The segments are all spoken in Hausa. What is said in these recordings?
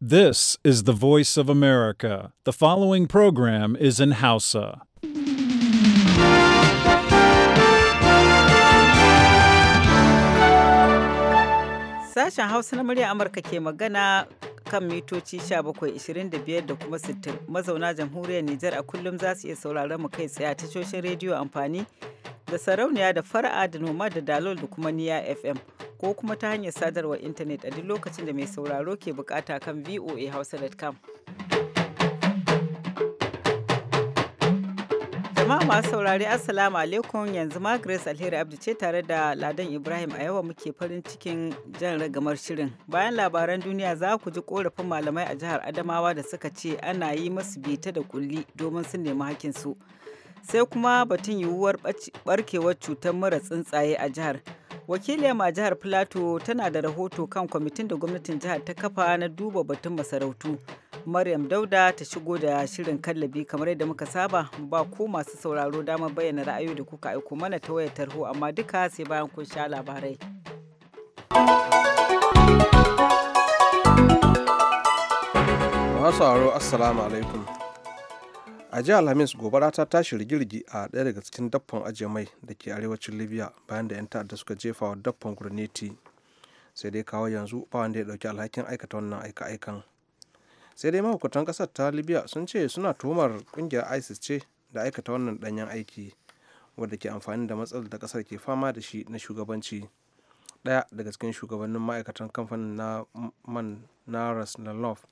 This is the voice of America. The following program is in Hausa. Sashen Hausa na murya Amurka ke magana kan mitoci 1725 da kuma 60 mazauna jamhuriyar Nijar a kullum za su iya sauraron mu kai tsaye a tashoshin rediyo amfani da sarauniya da fara'a da noma da dalol da kuma niya FM. ko kuma ta hanyar sadarwar intanet a duk lokacin da mai sauraro ke bukata kan voahausa.com. jama'a masu saurari assalamu alaikum yanzu ma grace alheri abdu ce tare da ladan ibrahim a yawa muke farin cikin jan ragamar shirin bayan labaran duniya za ku ji korafin malamai a jihar adamawa da suka ce ana yi masu bita da kulli domin sun nemi hakkin su sai kuma batun yiwuwar barkewar cutar mara tsuntsaye a jihar wakiliyar a jihar plateau tana da rahoto kan kwamitin da gwamnatin jihar ta kafa na duba batun masarautu maryam dauda ta shigo da shirin kallabi kamar yadda muka saba ba ko masu sauraro damar bayyana ra'ayoyi da kuka aiko mana ta wayar tarho amma duka sai bayan kun sha labarai masu assalamu alaikum a jihar alhamis gobara ta tashi rigirgi a ɗaya daga cikin daffan ajiye mai da ke arewacin libya bayan da 'yan ta'adda suka jefa wa daffan gurneti sai dai kawo yanzu ba wanda ya ɗauki alhakin aikata wannan aika-aikan sai dai mahukuntan ƙasar ta libya sun ce suna tuhumar ƙungiyar isis ce da aikata wannan ɗanyen aiki wadda ke amfani da matsalar da ƙasar ke fama da shi na shugabanci ɗaya daga cikin shugabannin ma'aikatan kamfanin na man naras na love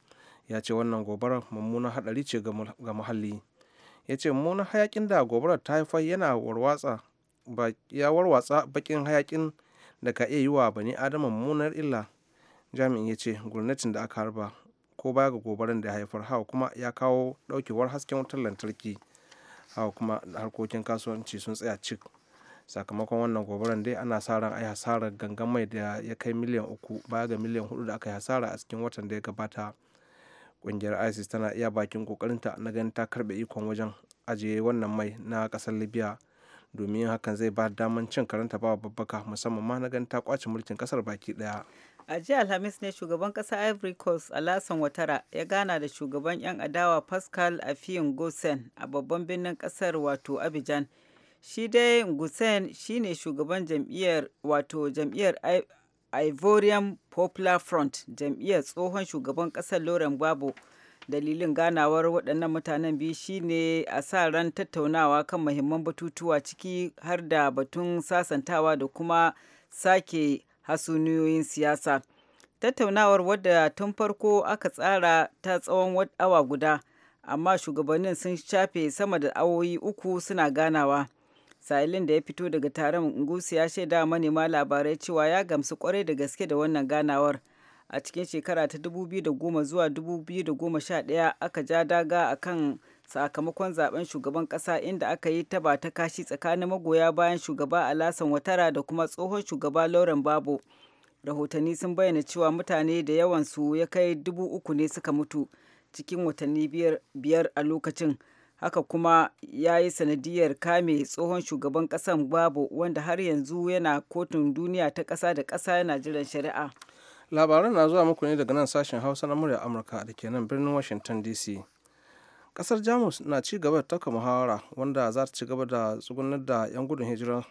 ya ce wannan gobarar mummunan hadari ce ga muhalli ya ce mummunan hayakin da gobarar ta haifar yana warwatsa ya warwatsa bakin hayakin da ka iya yi wa bani adama mummunar illa jami'in ya ce gwamnatin da aka harba ko baya ga gobarar da ya haifar hawa kuma ya kawo ɗaukewar hasken wutar lantarki hawa kuma harkokin kasuwanci sun tsaya cik sakamakon wannan gobarar dai ana sa ran ai hasarar gangan mai da ya kai miliyan uku baya ga miliyan hudu da aka yi hasara a cikin watan da ya gabata kungiyar isis tana iya bakin kokarinta na ganin ta karbe ikon wajen ajiye wannan mai na kasar libya domin hakan zai ba daman cin karanta ba babbaka musamman ma na ganin ta kwace mulkin kasar baki ɗaya a jiya alhamis ne shugaban kasa ivory coast alasan watara ya gana da shugaban 'yan adawa pascal afiyin gosen a babban birnin kasar wato abidjan shi dai shi shine shugaban jam'iyyar wato jam'iyyar Ivorian Popular Front jam'iyyar tsohon shugaban ƙasar Lauren Gbagbo dalilin ganawar waɗannan mutanen biyu shine a sa ran tattaunawa kan mahimman batutuwa ciki har da batun sasantawa da kuma sake hasuniyoyin siyasa tattaunawar wadda tun farko aka tsara ta tsawon awa guda amma shugabannin sun shafe sama da awoyi uku suna ganawa sa'ilin da ya fito daga taron ngusi ya shaida manema labarai cewa ya gamsu kwarai da gaske da wannan ganawar a cikin shekara ta 2010 zuwa sha 2011 aka ja daga a kan sakamakon zaben shugaban kasa inda aka yi taba ta kashi tsakanin magoya bayan shugaba alasan watara da kuma tsohon shugaba lauren babu rahotanni sun bayyana cewa mutane da yawansu ya kai dubu uku ne suka mutu cikin watanni biyar a lokacin haka kuma ya yi sanadiyar kame tsohon shugaban kasan babu wanda har yanzu yana kotun duniya ta ƙasa da ƙasa yana jiran shari'a labaran na zuwa muku ne daga nan sashen hausa na murya amurka da ke nan birnin washington dc ƙasar jamus na ci gaba da taka muhawara wanda za ta ci gaba da tsugunar da yan gudun hijira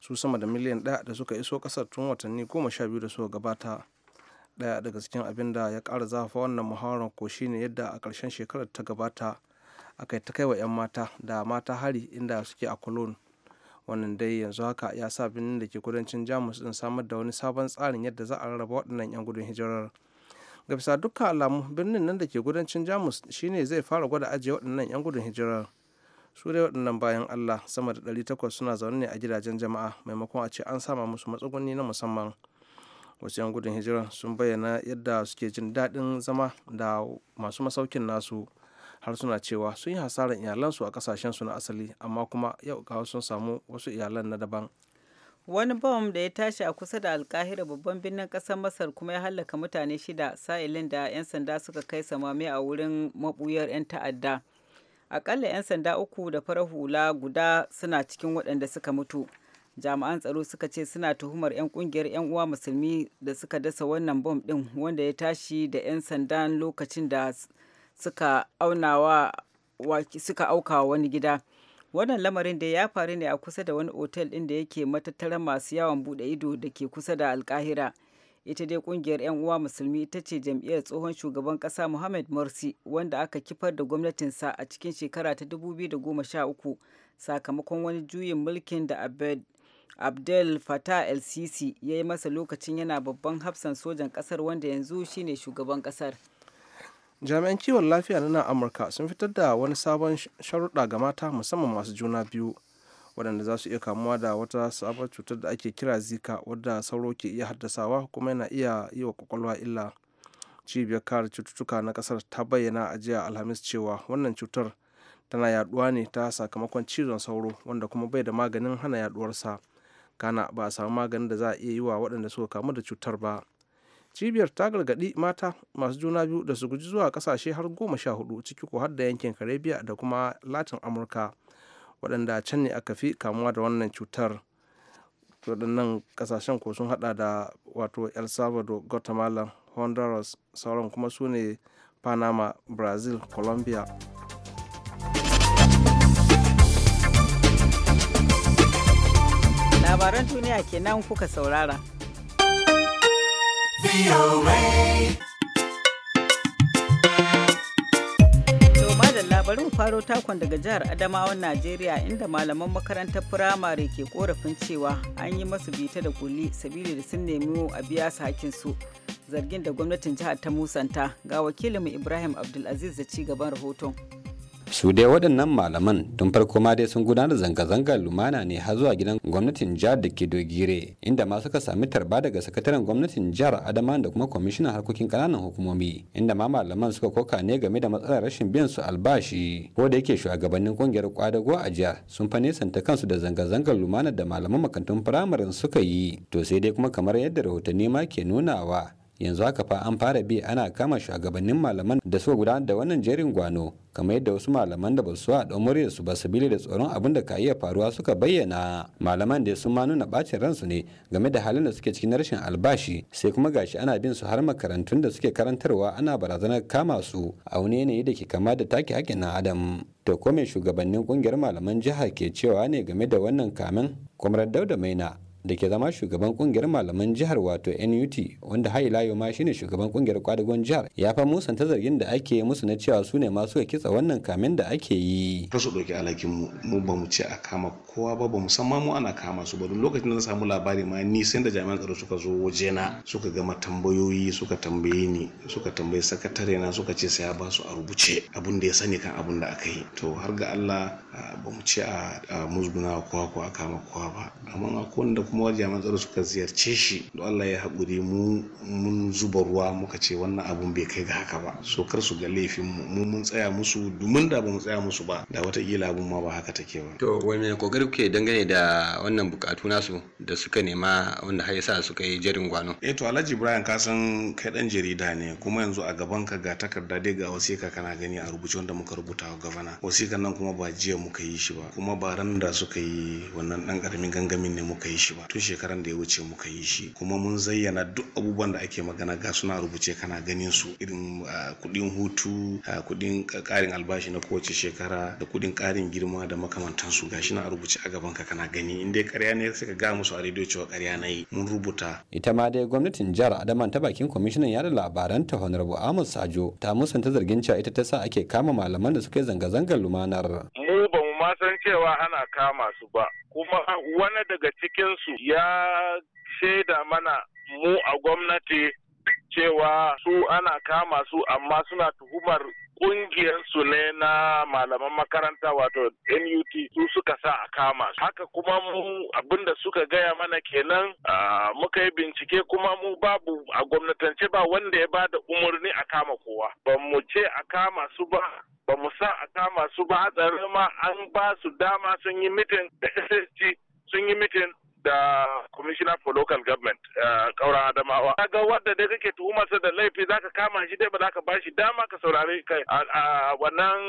su sama da miliyan ɗaya da suka iso kasar tun watanni goma sha biyu da suka gabata ɗaya daga cikin abin da ya ƙara zafa wannan muhawarar ko shine yadda a ƙarshen shekarar ta gabata aka ta kai wa 'yan mata da mata hari inda suke a cologne wannan dai yanzu haka ya sa birnin da ke kudancin jamus din samar da wani sabon tsarin yadda za a rarraba waɗannan 'yan gudun hijirar ga bisa dukkan alamu birnin nan da ke kudancin jamus shine zai fara gwada ajiye waɗannan 'yan gudun hijirar su dai waɗannan bayan allah sama da ɗari takwas suna zaune ne a gidajen jama'a maimakon a ce an sama musu matsuguni na musamman wasu 'yan gudun hijirar sun bayyana yadda suke jin daɗin zama da masu masaukin nasu har suna cewa sun yi hasarar iyalansu a kasashensu na asali amma kuma yau ga sun samu wasu iyalan na daban wani bom da ya tashi a kusa da alkahira babban birnin kasar masar kuma ya hallaka mutane shida sa'ilin da 'yan sanda suka kai samame a wurin mabuyar 'yan ta'adda akalla 'yan sanda uku da farar hula guda suna cikin waɗanda suka mutu jami'an tsaro suka ce suna tuhumar 'yan kungiyar 'yan uwa musulmi da suka dasa wannan bom din wanda ya tashi da 'yan sandan lokacin da suka aunawa suka auka wani gida wannan lamarin da ya faru ne a kusa da wani otel ɗin da yake matattara masu yawon buɗe ido da ke kusa da alkahira ita dai kungiyar 'yan uwa musulmi ita ce jam'iyyar tsohon shugaban ƙasa muhammad morsi wanda aka kifar da gwamnatinsa a cikin shekara ta 2013 sakamakon wani juyin mulkin da abed abdel fatah el sisi ya yi masa lokacin yana babban hafsan sojan ƙasar wanda yanzu shine shugaban ƙasar. jami'an kiwon lafiya na amurka sun fitar da wani sabon sharuɗa ga mata musamman masu juna biyu waɗanda za su iya kamuwa da wata sabon cutar da ake kira zika wadda sauro ke iya haddasawa kuma yana iya yi wa kwakwalwa illa cibiyar kare cututtuka na ƙasar ta bayyana a jiya alhamis cewa wannan cutar tana yaduwa ne ta sakamakon cizon sauro wanda kuma bai da maganin hana yaduwarsa kana ba a samu maganin da za a iya yi wa waɗanda suka kamu da cutar ba cibiyar ta gargaɗi mata masu juna biyu da su guji zuwa ƙasashe har goma sha hudu ciki ko har da yankin karibiya da kuma latin amurka waɗanda can ne aka fi kamuwa da wannan cutar waɗannan ƙasashen ko sun haɗa da wato el salvador guatemala honduras sauran kuma su ne panama brazil colombia labaran duniya kenan kuka saurara labarin faro takon daga jihar Adamawan Najeriya inda malaman makarantar firamare ke korafin cewa an yi masu bita da kuli sabili da sun nemi a biya su hakinsu zargin da gwamnatin jihar ta musanta ga wakilinmu Ibrahim Abdulaziz da ci gaban rahoton. su dai waɗannan malaman tun farko ma dai sun gudanar zanga-zangar lumana ne har zuwa gidan gwamnatin jihar da ke dogire inda ma suka sami tarba daga sakataren gwamnatin jihar adama da kuma kwamishinan harkokin ƙananan hukumomi inda ma malaman suka koka ne game da matsalar rashin biyan su albashi ko da yake shugabannin ƙungiyar kwadago a jihar sun fa nesanta kansu da zanga-zangar lumana da malaman makarantun firamaren suka yi to sai dai kuma kamar yadda rahotanni ma ke nunawa yanzu haka fa an fara bi ana kama shugabannin malaman da suka gudanar da wannan jerin gwano kamar yadda wasu malaman da ba su a ɗan su ba sabili da tsoron abin da ka iya faruwa suka bayyana malaman da sun ma nuna bacin ransu ne game da halin da suke cikin rashin albashi sai kuma gashi ana bin su har makarantun da suke karantarwa ana barazanar kama su a wani yanayi da ke kama da take haƙƙin na adam to ko me shugabannin kungiyar malaman jiha ke cewa ne game da wannan kamin kwamrar dauda maina da ke zama shugaban kungiyar malaman jihar wato NUT wanda har ila ma shine shugaban kungiyar kwadagon jihar ya fa musanta zargin da ake musu na cewa su ne masu kitsa wannan kamen da ake yi ta su dauki alhakin mu mu ba mu ce a kama kowa ba ba musamman mu ana kama su ba duk lokacin da na samu labari ma ni sai da jami'an tsaro suka zo waje na suka gama tambayoyi suka tambaye ni suka tambaye sakatare na suka ce sai ya ba su a rubuce abin da ya sani kan abin da aka yi to har ga Allah ba mu ce a musguna kowa ko a kama kowa ba amma akwai wanda kuma jami'an tsaro suka ziyarce shi to Allah ya haƙuri mu mun zuba ruwa muka ce wannan abun bai kai ga haka ba so kar su ga laifin mu mun tsaya musu domin da ba mu tsaya musu ba da wata watakila abun ma ba haka take ba to wani kokari kuke dangane da wannan bukatu nasu da suka nema wanda har yasa suka yi jerin gwano eh to Alhaji Ibrahim ka san kai dan jarida ne kuma yanzu a gaban ka ga takarda dai ga wasika kana gani a rubuce wanda muka rubuta wa gabana wasikan nan kuma ba jiya muka yi shi ba kuma ba ran da suka yi wannan dan karamin gangamin ne muka yi shi ba tun shekaran da ya wuce muka yi shi kuma mun zayyana duk abubuwan da ake magana ga suna rubuce kana ganin su irin ah, kuɗin hutu ah, kuɗin karin albashi na kowace shekara da kuɗin karin girma da makamantansu ga shi na rubuce a gaban ka kana gani in dai ƙarya ne sai ka ga musu a rediyo cewa karya na yi mun rubuta. ita ma dai gwamnatin jihar Adama ta bakin kwamishinan yada labaran ta honorable amos sajo ta musanta zargin cewa ita ta sa ake kama malaman da suka yi zanga-zangar lumanar. mu ba mu ma san cewa ana kama su ba kuma wani daga cikinsu ya shaida mana mu a gwamnati cewa su ana kama su amma suna tuhumar kungiyar su ne na malaman makaranta wato NUT su suka sa a kama haka kuma mu abinda suka gaya mana kenan muka yi bincike kuma mu babu a gwamnatance ba wanda ya bada umarni a kama kowa ba mu ce a kama su ba ba mu sa a kama su ba hatsarin ma an ba su dama sun yi mitin da SSG sun yi mitin da commissioner for local government eh, kaura adamawa ga wanda dai kake tuhumarsa da laifi zaka kama shi dai ba ka ba shi dama ka saurare kai a wannan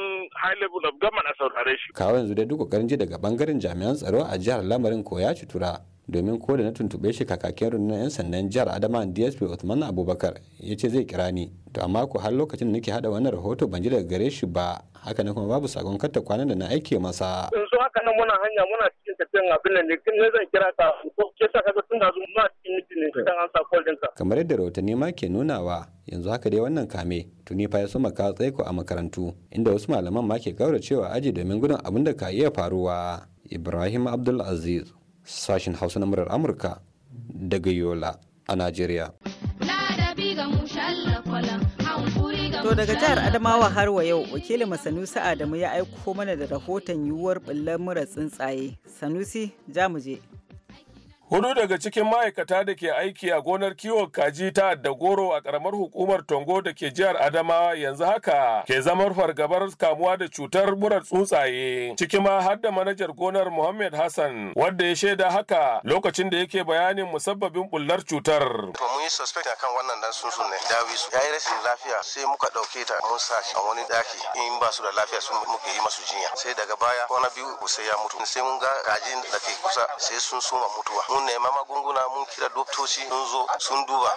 high level of government a saurare shi kawo yanzu dai duk ƙoƙarin ji daga bangaren jami'an tsaro a jihar lamarin ko ya cutura domin ko da na tuntube shi kakakin rundunar 'yan sandan jihar adama dsp usman abubakar ya ce zai kira ni to amma ko har lokacin da nake hada wannan rahoto ban ji daga gare shi ba haka nan kuma babu sakon karta kwanan da na aike masa yanzu haka nan muna hanya muna aikace abin da ne ne zan kira ka ko ke sa kaga tun da zuwa cikin mutum ne an sa call ka kamar yadda rahotanni ma ke nunawa yanzu haka dai wannan kame tuni fa ya soma ka tsaiko a makarantu inda wasu malaman ma ke cewa aji domin gudun abin da ka iya faruwa Ibrahim Abdul Aziz sashin Hausa na murar Amurka daga Yola a Najeriya. To daga jihar Adamawa har wa yau wakilin Sanusi Adamu ya aiko mana da rahoton yiwuwar bullar mura tsuntsaye. Sanusi, ja mu je. Hudu daga cikin ma'aikata da ke aiki a gonar kiwon kaji ta Goro, a karamar hukumar Tongo da ke jihar Adamawa yanzu haka ke zamar fargabar kamuwa da cutar murar tsuntsaye. Ciki ma har da manajar gonar Muhammad Hassan wadda ya shaida haka lokacin da yake bayanin musabbabin bullar cutar. To mun yi suspect akan wannan dan tsuntsu Dawisu ya yi rashin lafiya sai muka ɗauke ta mun a wani ɗaki in ba su da lafiya sun muke yi masu jinya sai daga baya kwana biyu sai ya mutu sai mun ga kajin da ke kusa sai sun soma mutuwa. mun nema magunguna mun kira doktoci sun zo sun duba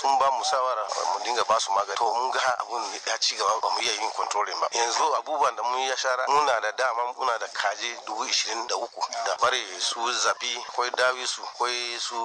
sun ba mu shawara mu dinga ba su magani to mun ga abun ya ci gaba ba mu iya yin controlin ba yanzu abubuwan da mun ya shara muna da dama muna da kaje dubu ishirin da uku da bare su zabi akwai dawi su akwai su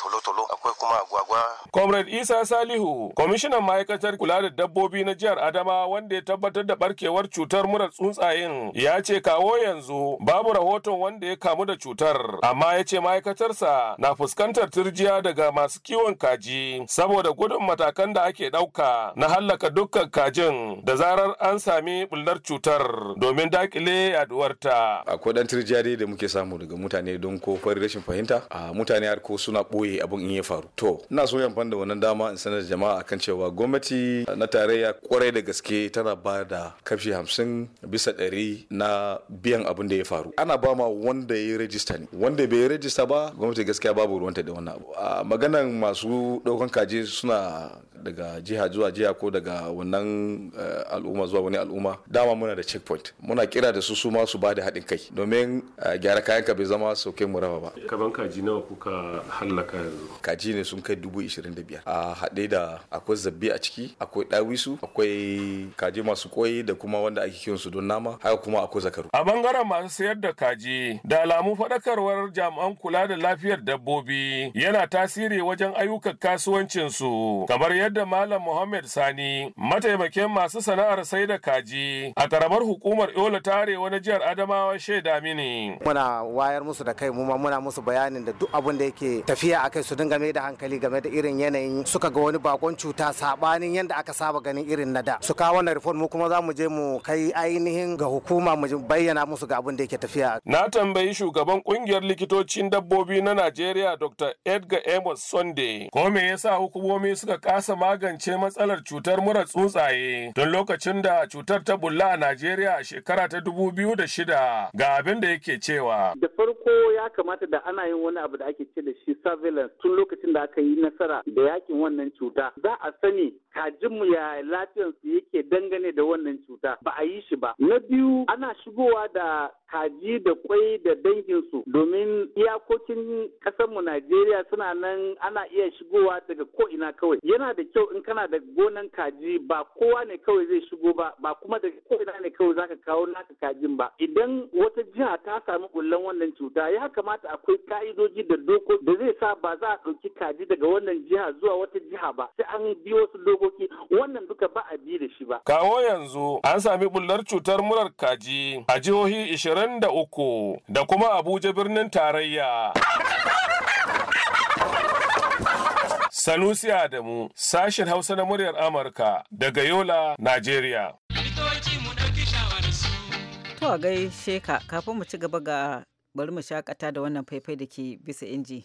tolotolo akwai kuma agwagwa. comrade isa salihu kwamishinan ma'aikatar kula da dabbobi na jihar adama wanda ya tabbatar da barkewar cutar murar tsuntsayen ya ce kawo yanzu babu rahoton wanda ya kamu da cutar amma ya ce ma'aikatar nasa na fuskantar turjiya daga masu kiwon kaji saboda gudun matakan da ake ɗauka na hallaka dukkan kajin da zarar an sami bullar cutar domin dakile yaduwarta. Akwai ɗan turjiya dai da muke samu daga mutane don ko rashin fahimta a mutane har ko suna ɓoye abin in ya faru. To ina so yan da wannan dama in sanar da jama'a akan cewa gwamnati na tarayya kwarai da gaske tana ba da kashi hamsin bisa ɗari na biyan abin da ya faru. Ana ba ma wanda ya yi rajista ne. Wanda bai yi rajista ba gwamnati gaskiya babu ruwanta da wannan abu ah, maganan masu ɗaukan kaji suna daga jiha zuwa jiha ko daga wannan eh, al'umma zuwa wani al'umma dama muna da checkpoint muna kira da su su ma su bada haɗin kai domin eh, gyara kayan ka bai zama sauke mu raba ba kaban kaji nawa kuka hallaka yanzu kaji ne sun kai dubu ishirin da biyar a haɗe da akwai zabbi a ciki akwai ɗawisu akwai kaji masu koyi da kuma wanda ake kiwon su don nama haka kuma akwai zakaru a bangaren masu sayar da kaji da alamu faɗakarwar jami'an kula da lafiyar dabbobi yana tasiri wajen ayyukan kasuwancinsu kamar yadda da Malam Muhammad Sani, mataimakin masu sana'ar sai da kaji a karamar hukumar Yola Tare wani jihar Adamawa shaida mini. Muna wayar musu da kai mu muna musu bayanin da duk abin da yake tafiya a kai su dinga mai da hankali game da irin yanayin suka ga wani bakon cuta sabanin yadda aka saba ganin irin na da. Su kawo wannan reform mu kuma za mu je mu kai ainihin ga hukuma mu bayyana musu ga abin da yake tafiya. Na tambayi shugaban kungiyar likitocin dabbobi na Najeriya Dr. Edgar Amos Sunday ko me yasa hukumomi suka kasa magance matsalar cutar mura tsuntsaye don lokacin da cutar ta bulla a Najeriya a shekara ta dubu biyu da shida ga abin da yake cewa. Da farko ya kamata da ana yin wani abu da ake ce da shi surveillance tun lokacin da aka yi nasara da yakin wannan cuta. Za a sani kajin mu ya su yake dangane da wannan cuta ba a yi shi ba. Na biyu ana shigowa da kaji da kwai da danginsu domin iyakokin ƙasarmu Najeriya suna nan ana iya shigowa daga ko'ina kawai. Yana da kyau in kana da gonan kaji ba kowa ne kawai zai shigo ba ba kuma da koina ne kawai zaka kawo naka kajin ba idan wata jiha ta samu bullan wannan cuta ya kamata akwai ka'idoji da doko da zai sa ba za a ɗauki kaji daga wannan jiha zuwa wata jiha ba sai an bi wasu dokoki wannan duka ba a bi da shi ba kawo yanzu an sami bullar cutar murar kaji a jihohi 23 da kuma Abuja birnin tarayya da Adamu, sashen Hausa na muryar Amurka daga Yola, Najeriya. To a gaishe ka kafin mu ci gaba ga bari mu shakata da wannan faifai da ke bisa inji.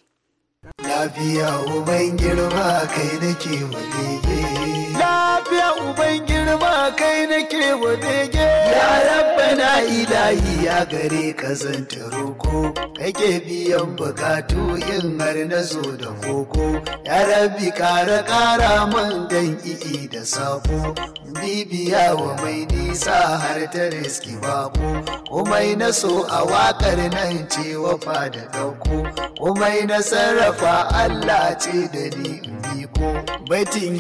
Lafiya uban girma kai nake wadege. Lafiya uban girma kai nake wa bege ya rabbana ilahi ya gare ka zanta roko kake biyan bukatu yin har na zo da koko ya rabbi kara kara man dan i'i da sako bibiya wa mai nisa har ta riski bako komai na so a wakar nan ce wafa da dauko komai na sarrafa Allah ce da ni in biko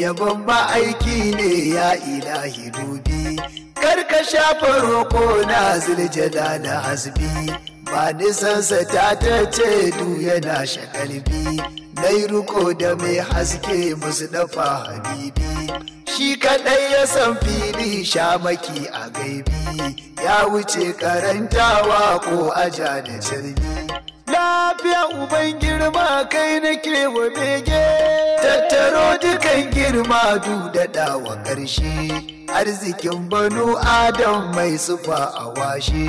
yabon ba aiki ne ya ila lillahi dubi kar ka shafa roko na ziljada da hasbi ba sa ta ta ce du yana shakalbi dai ruko da mai haske musu dafa habibi shi kaɗai ya san fili shamaki a gaibi ya wuce karantawa ko aja da jirgi lafiya uban girma kai nake wa bege tattaro dukan girma du daɗa wa ƙarshe arzikin banu adam mai sufa a washe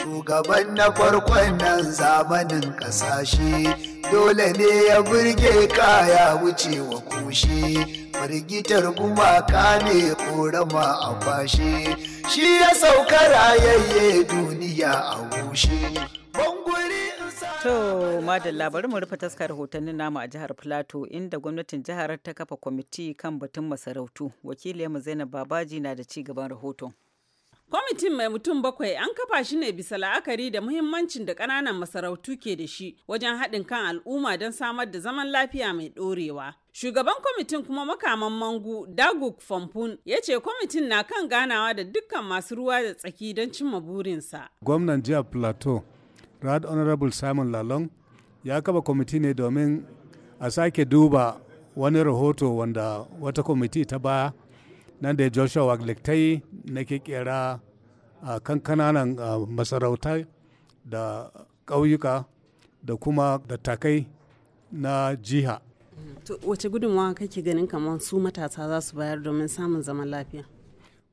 shugaban na farkon nan zamanin ƙasashe dole ne ya burge kaya wuce wa kushe firgitar gumaka ne korama a kwashe shi ya sauka rayayye duniya a gushe To madalla bari mu rufe taskar rahotannin namu a jihar Plateau inda gwamnatin jihar ta kafa kwamiti kan batun masarautu. mu Zainab Babaji na da ci gaban rahoton. Kwamitin mai mutum bakwai an kafa shi ne bisa la'akari da muhimmancin da ƙananan masarautu ke da shi wajen haɗin kan al'umma don samar da zaman lafiya mai ɗorewa. Shugaban kwamitin kuma makaman mangu Daguk Famfun ya ce kwamitin na kan ganawa da dukkan masu ruwa da tsaki don cimma burinsa. Gwamnan jihar Plateau Rad Honorable Simon Lalong ya kaba kwamiti ne domin a sake duba wani rahoto wanda wata kwamiti ta ba nan da Joshua Waglick ta yi na kekera a kan kananan masarauta da ƙauyuka da kuma da takai na jiha. Wace gudunmawa kake ganin kamar su matasa za su bayar domin samun zaman lafiya?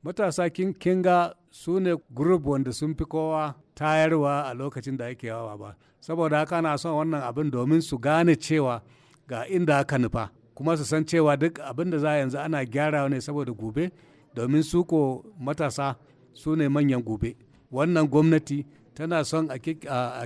Matasa kin ga su ne wanda sun fi kowa tayarwa a lokacin da ake yawa ba saboda haka na son wannan abin domin su gane cewa ga inda aka nufa kuma su san cewa duk abin da za yanzu ana gyara ne saboda gobe domin su ko matasa su ne manyan gobe wannan gwamnati tana son a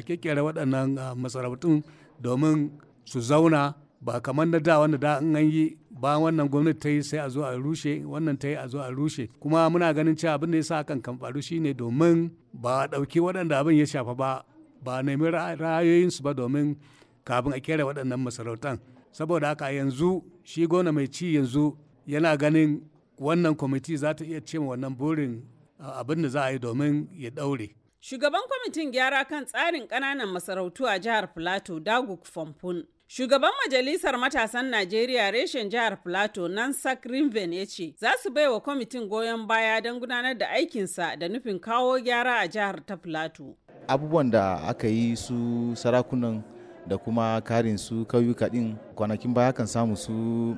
kekere waɗannan masarautun domin su zauna ba kamar na da wanda da an yi ba wannan gwamnati ta yi sai a zo a rushe wannan ta yi a zo a rushe kuma muna ganin cewa abin da ya sa akan kamfaru shine domin ba a ɗauki waɗanda abin ya shafa ba ba nemi ra'ayoyinsu ba domin kafin a kera waɗannan masarautan saboda haka yanzu shi gona mai ci yanzu yana ganin wannan kwamiti za ta iya cima wannan burin abin da za a yi domin ya ɗaure shugaban kwamitin gyara kan tsarin ƙananan masarautu a jihar plateau dagu famfon. Shugaban Majalisar Matasan Najeriya reshen jihar Plateau Nansak Rinven ya ce za su bai wa kwamitin goyon baya don gudanar da aikinsa da nufin kawo gyara a jihar ta Plateau. Abubuwan da aka yi su sarakunan da kuma karin su kauyuka din kwanakin baya kan samu su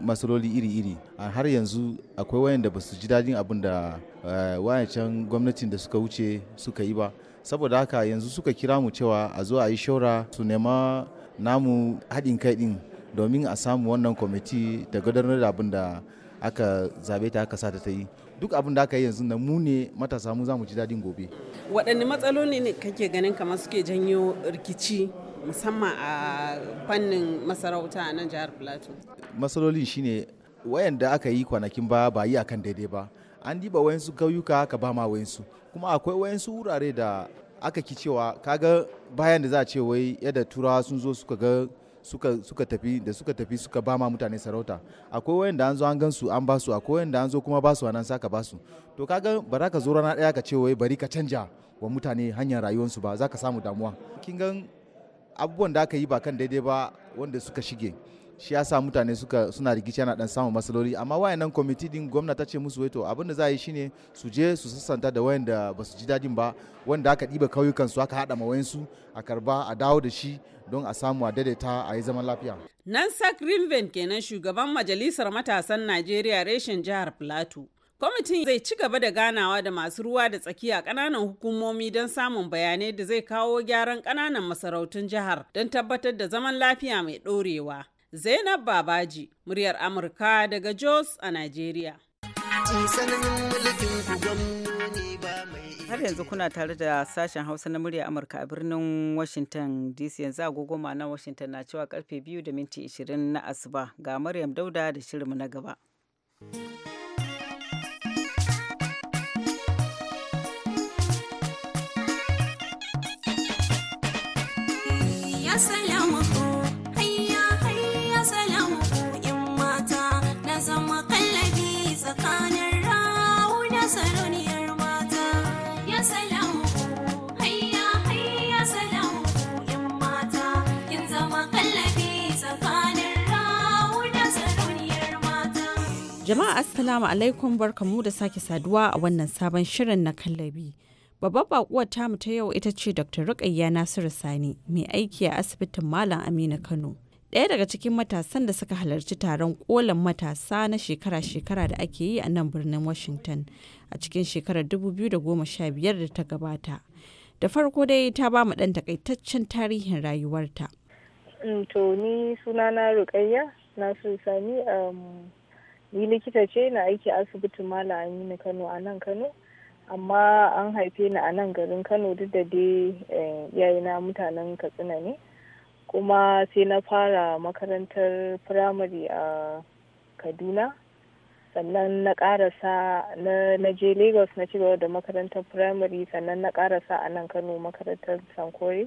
matsaloli iri-iri har yanzu akwai wayanda ba su ji dajin abin da eh, wayancan gwamnatin da suka wuce suka yi ba saboda haka yanzu suka kira mu cewa a zo a yi shaura su nema namu haɗin kai ɗin domin a samu wannan kwamiti da gudanar da abin da aka zabe ta aka sata ta yi duk abin da aka yi yanzu na mu ne matasa mu za ji daɗin gobe waɗanne matsaloli ne kake ganin kamar suke janyo rikici musamman a fannin masarauta a nan jihar plateau matsalolin shine wayanda aka yi kwanakin ba ba yi akan daidai ba an diba wayansu kauyuka ka ba ma wayansu kuma akwai wayansu wurare da aka ki cewa kaga bayan da za a ce wai yadda turawa sun zo suka ga suka tafi da suka tafi suka ba ma mutane sarauta akwai wayanda an zo an gan su an ba su akwai wayanda an zo kuma ba su nan saka ba su to kaga ba za ka zo rana daya ka ce wai bari ka canja wa mutane hanyar rayuwarsu ba za ka samu damuwa kin gan abubuwan da aka yi ba kan daidai ba wanda suka shige shi ya sa mutane suka suna rikici ana dan samun matsaloli amma wayannan kwamiti din gwamnati ta ce musu waito abin da za a yi shine su je su sassanta da wayanda ba su ji dadin ba wanda aka ɗiba kauyukan su aka haɗa mawayansu a karba a dawo da shi don a samu a daidaita a yi zaman lafiya. Nansak Rinven kenan shugaban majalisar matasan Najeriya reshen jihar Plateau. kwamitin zai ci gaba da ganawa da masu ruwa da tsaki a kananan hukumomi don samun bayanai da zai kawo gyaran kananan masarautun jihar don tabbatar da zaman lafiya mai ɗorewa. Zainab Babaji, muryar Amurka daga Jos a Najeriya. Har yanzu kuna tare da sashen Hausa na murya Amurka a birnin Washington DC yanzu agogo na Washington na cewa karfe biyu da minti 20 na asuba ga Maryam Dauda da shirinmu na gaba. Jama'a Assalamu alaikum barkamu da sake saduwa a wannan sabon shirin na kallabi. Babbar bakuwar tamu ta yau ita ce Dr. Rukayya Nasiru Sani, mai aiki a asibitin Malam Aminu Kano. Ɗaya daga cikin matasan da suka halarci taron kolan matasa na shekara-shekara da ake yi a nan birnin Washington a cikin shekarar 2015 da ta gabata. Da farko dai ta ba mu ɗan takaitaccen tarihin rayuwarta. Mm, to ni sunana Rukayya Nasiru Sani um, ni likita ce na aiki a asibitin malam aminu kano a nan kano amma an haife ni a nan garin kano duk da dai eh, na mutanen katsina ne kuma sai na fara makarantar firamare a kaduna sannan na karasa na je lagos na ci gaba da makarantar firamare sannan na karasa a nan kano makarantar sankore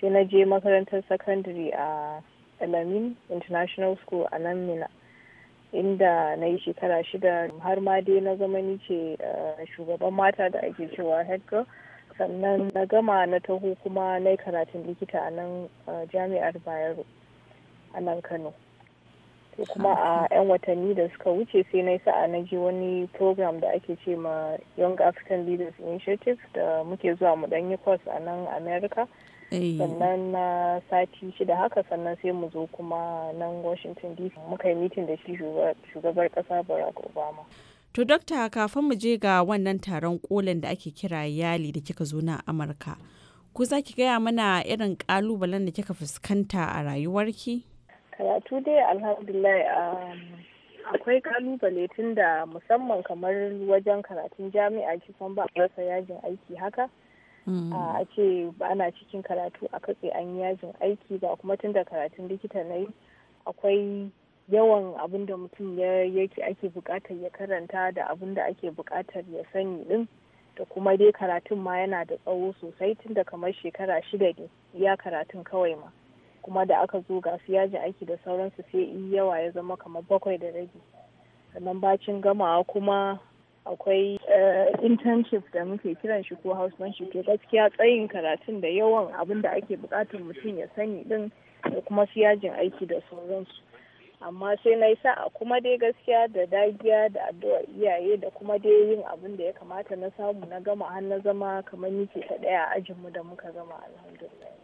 sai na je makarantar sakandare a alamin international school a nan mina inda na yi shekara shida har ma dai na zama ni ce eh, shugaban mata da ake cewa head sannan na gama na taho kuma na yi karatun likita a nan eh, jami'ar bayero a nan kano to kuma a 'yan watanni da suka wuce sai na sa'a na ji wani program da ake ce ma young african leaders initiative da muke zuwa mu danyi course a nan america Eh. sannan na sati shida haka sannan sai mu zo kuma nan washington dc muka yi mitin da shi shugabar kasa barack obama to dokta kafin mu je ga wannan taron kolin da ake kira yali da kika zo na amurka ku za ki gaya mana irin kalubalen da kika fuskanta a rayuwarki karatu dai alhamdulillah um, akwai kalubale tun da musamman kamar wajen karatun jami'a kisan ba a rasa yajin aiki haka Mm. a ce ana cikin karatu a katse an yajin aiki ba kuma tun da karatun likita na yi akwai yawan abin da mutum yake ake bukatar ya karanta da abin da ake bukatar ya sani din da kuma dai karatun ma yana da tsawo sosai tun da kamar shekara shida ne ya karatun kawai ma kuma da aka zo ga su yaji aiki da sauransu sai yi yawa ya zama kamar bakwai da rabi sannan bacin gamawa kuma akwai eh, internship da muke kiran shi ko housemanship to gaskiya tsayin karatun da yawan abin da ake bukatar mutum ya sani din da kuma siyajin aiki da sauransu amma sai na yi sa'a kuma dai gaskiya da dagiya da addu'ar iyaye da kuma dai yin abin da ya kamata na samu na gama har na zama kamar nike ta ɗaya a ajinmu da muka gama alhamdulillah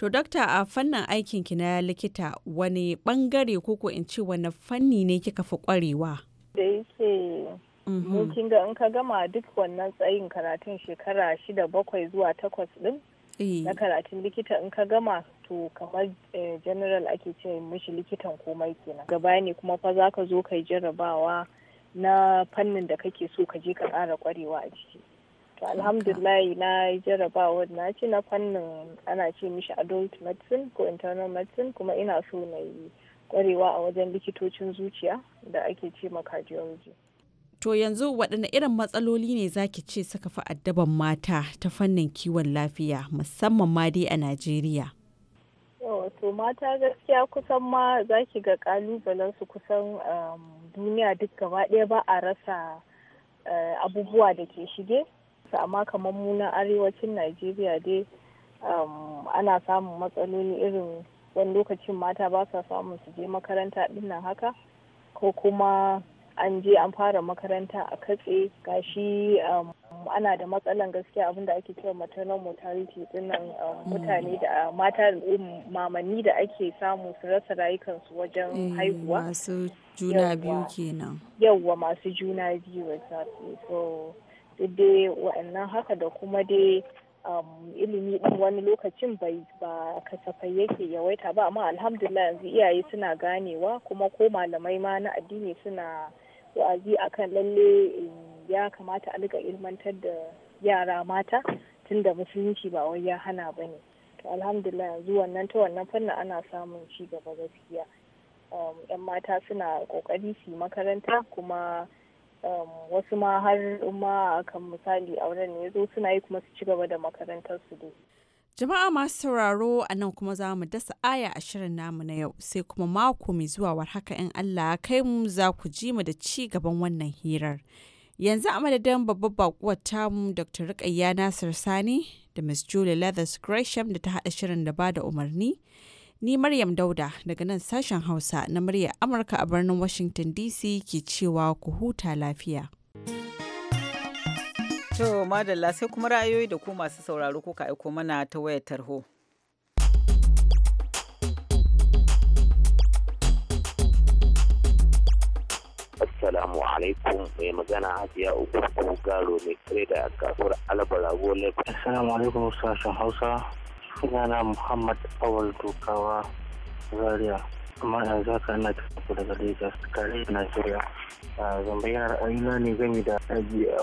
To dokta a fannin aikin ki na likita wani bangare koko in ce wani fanni ne kika fi kwarewa? Da yake mu mm-hmm. kin ga in ka gama duk wannan tsayin karatun shekara shida bakwai zuwa takwas din eh. na karatun likita in ka gama to kamar eh, general ake ce mishi likitan komai kenan gaba ne kuma fa za ka zo kai jarrabawa na fannin da kake so ka je ka ƙara ƙwarewa a ciki to alhamdulillah na jarrabawa na ce na fannin ana ce mishi adult medicine ko internal medicine kuma ina so na yi ƙwarewa a wajen likitocin zuciya da ake ce ma cardiology To yanzu waɗanne irin matsaloli ne zaki ce suka fi addaban mata ta fannin kiwon lafiya musamman ma dai a Najeriya? Oh, to mata gaskiya kusan ma zaki ga kalubalen su kusan um, duniya duk gaba ɗaya ba a rasa eh, abubuwa da ke shige. amma kamar mu arewacin Najeriya dai um, ana samun matsaloli irin wani lokacin mata ba sa samun su je makaranta ɗin nan haka ko kuma an je an fara makaranta a katse gashi um, ana da matsalan gaskiya abinda ake cewa maternal mortality dinnan um, mm. mutane da uh, mata um, mamanni da ake samu su rasa rayukansu wajen eh, haihuwa masu juna biyu kenan yawwa masu juna biyu exactly so duk dai wa'annan haka da kuma dai um, ilimi din wani lokacin bai ba kasafai yake yawaita ba amma alhamdulillah yanzu iyaye suna ganewa kuma ko malamai ma na addini suna wa'azi akan lalle eh, ya kamata a rika ilmantar da yara mata tunda musulunci ba wai ya hana ba ne to alhamdulillah yanzu wannan ta wannan fannin ana samun ci gaba gaskiya yan um, mata suna kokari su makaranta kuma um, wasu ma har ma kan misali auren ne zo suna yi kuma su ci gaba da makarantar su dai Jama'a masu sauraro a nan kuma za mu dasa aya a shirin namu na yau sai kuma mako mai zuwa war haka in Allah kai mu za ku ji mu da ci gaban wannan hirar. Yanzu a madadin babbar bakuwar tamu Dr. Rukayya Nasir Sani da ms Julie Leathers Gresham da ta haɗa shirin da ba da umarni. Ni Maryam Dauda daga nan sashen Hausa na muryar Amurka a birnin Washington DC ke cewa ku huta lafiya. To madalla sai kuma ra'ayoyi da ku masu sauraro kuka aiko mana ta wayar tarho. Assalamu alaikum mai magana Hajiya ko Garo mai kare da kasuwar Albarago Lagos. Assalamu alaikum sashen Hausa. Sunana Muhammad Awal Dokawa Zaria. amma yanzu haka ana tafi daga Lagos kare Najeriya zan bayyana ra'ayina ne game da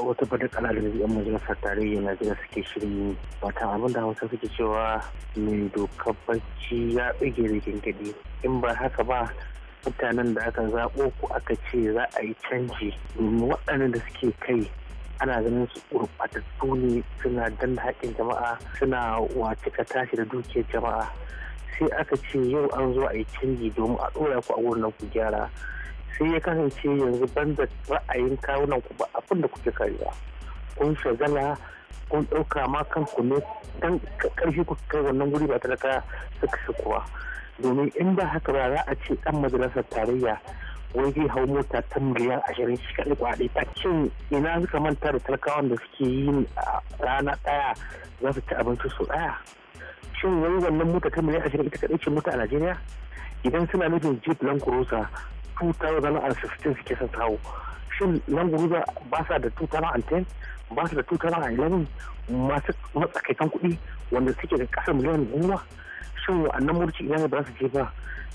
wata badakala da yan majalisar tarayyar Najeriya suke shirin wata abin da Hausa suke cewa mai dokar bacci ya tsige gadi in ba haka ba mutanen da aka zaɓo ko aka ce za a yi canji domin waɗannan da suke kai ana ganin su gurɓatattu ne suna danna haƙƙin jama'a suna wace ka tashi da dukiyar jama'a sai aka ce yau an zo a yi canji domin a ɗora ku a wurin nan ku gyara sai ya kasance yanzu banda ra'ayin kawunan ku ba abin da kuke karewa kun shagala kun ɗauka ma ku ne dan ƙarfi ku kai wannan guri ba ta talaka suka su kuwa domin in ba haka ba za a ce ɗan majalisar tarayya wai zai hau mota ta miliyan ashirin shi kaɗai kwaɗe ta cin ina suka manta da talakawan da suke yi a rana ɗaya za su ci abinci su ɗaya shin wani wannan mota ta miliyan ashirin ita kaɗai ce mota a najeriya idan suna nufin jeep lankurosa 2016 suke son kawo shin lankurosa ba sa da 2010 ba sa da 2011 masu matsakaitan kuɗi wanda suke da ƙasa miliyan goma shin wa'annan murci idan ba su je ba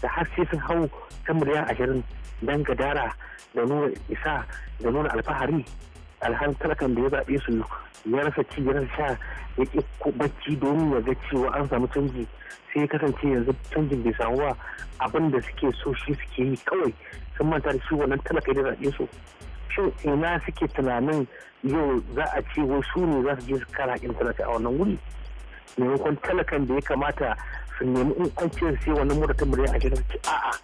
da har sai sun hau ta miliyan ashirin don gadara da nuna isa da nuna alfahari alhan talakan da ya zaɓe su ya rasa ci ya rasa sha ya ƙi bacci domin ya ga cewa an samu canji sai ya kasance yanzu canjin bai samu ba abin da suke so shi suke yi kawai sun manta da shi wannan talaka ya zaɓe su shin ina suke tunanin yau za a ce wai su ne za su je su kara haƙin talaka a wannan wuri maimakon talakan da ya kamata su nemi in an ce sai wannan mura ta murya a ce a'a.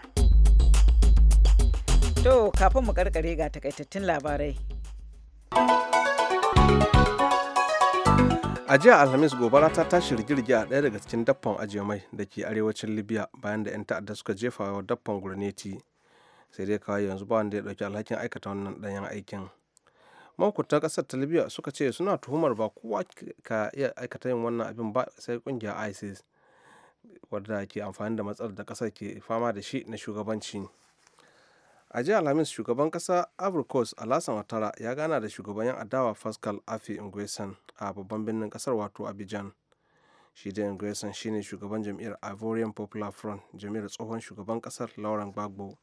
To kafin mu karkare ga takaitattun labarai a jiya alhamis gobara ta tashi rigirgi a ɗaya daga cikin daffan ajiye mai da ke arewacin libya bayan da 'yan ta'adda suka jefa wa daffan gurneti sai dai kawai yanzu ba wanda ya ɗauki alhakin aikata wannan ɗanyen aikin mahukuntan ƙasar ta libya suka ce suna tuhumar ba kowa ka iya aikata yin wannan abin ba sai ƙungiyar isis wadda ke amfani da matsalar da ƙasar ke fama da shi na shugabanci a jiya alhamis shugaban kasa abrikos alasan watara ya gana da shugaban yan adawa fascal afi ingwesan a babban birnin kasar wato abidjan shi da ingwesan shine shugaban jam'iyyar ivorian popular front jam'iyyar tsohon shugaban kasar lauren gbagbo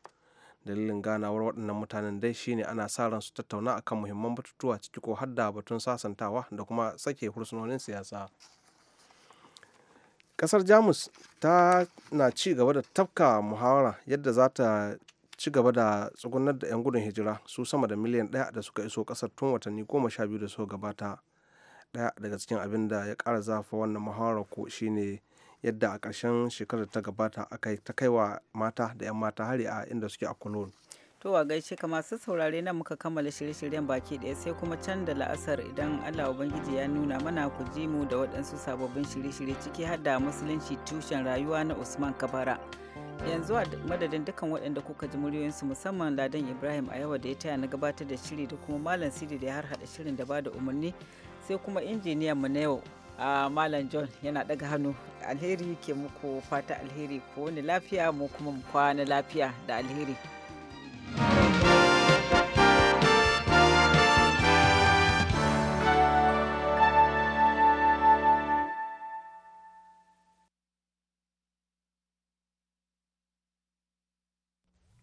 dalilin ganawar waɗannan mutanen dai shine ana sa ran su tattauna akan muhimman batutuwa ciki ko hadda batun sasantawa da kuma sake hursunonin siyasa kasar jamus ta na ci gaba da tafka muhawara yadda za ta ci gaba da tsugunar da 'yan gudun hijira su sama da miliyan ɗaya da suka iso kasar tun watanni goma sha biyu da suka gabata ɗaya daga cikin abin da ya kara zafa wannan muhawara ko shine yadda a ƙarshen shekarar ta gabata aka ta kai wa mata da 'yan mata hari a inda suke a kolon to a gaishe ka masu saurare nan muka kammala shirye-shiryen baki ɗaya sai kuma can da la'asar idan allah ubangiji ya nuna mana ku ji mu da waɗansu sababbin shirye-shirye ciki har da musulunci tushen rayuwa na usman kabara yanzu a madadin dukkan waɗanda kuka ji muryoyinsu musamman ladan ibrahim a yawa da ya taya na gabatar da shiri da kuma malam sidi da ya har harhaɗa shirin da ba da umarni sai kuma injiniyan mu na yau a malam john yana ɗaga hannu alheri ke muku fata alheri ko wani lafiya mu kuma mu kwana lafiya da alheri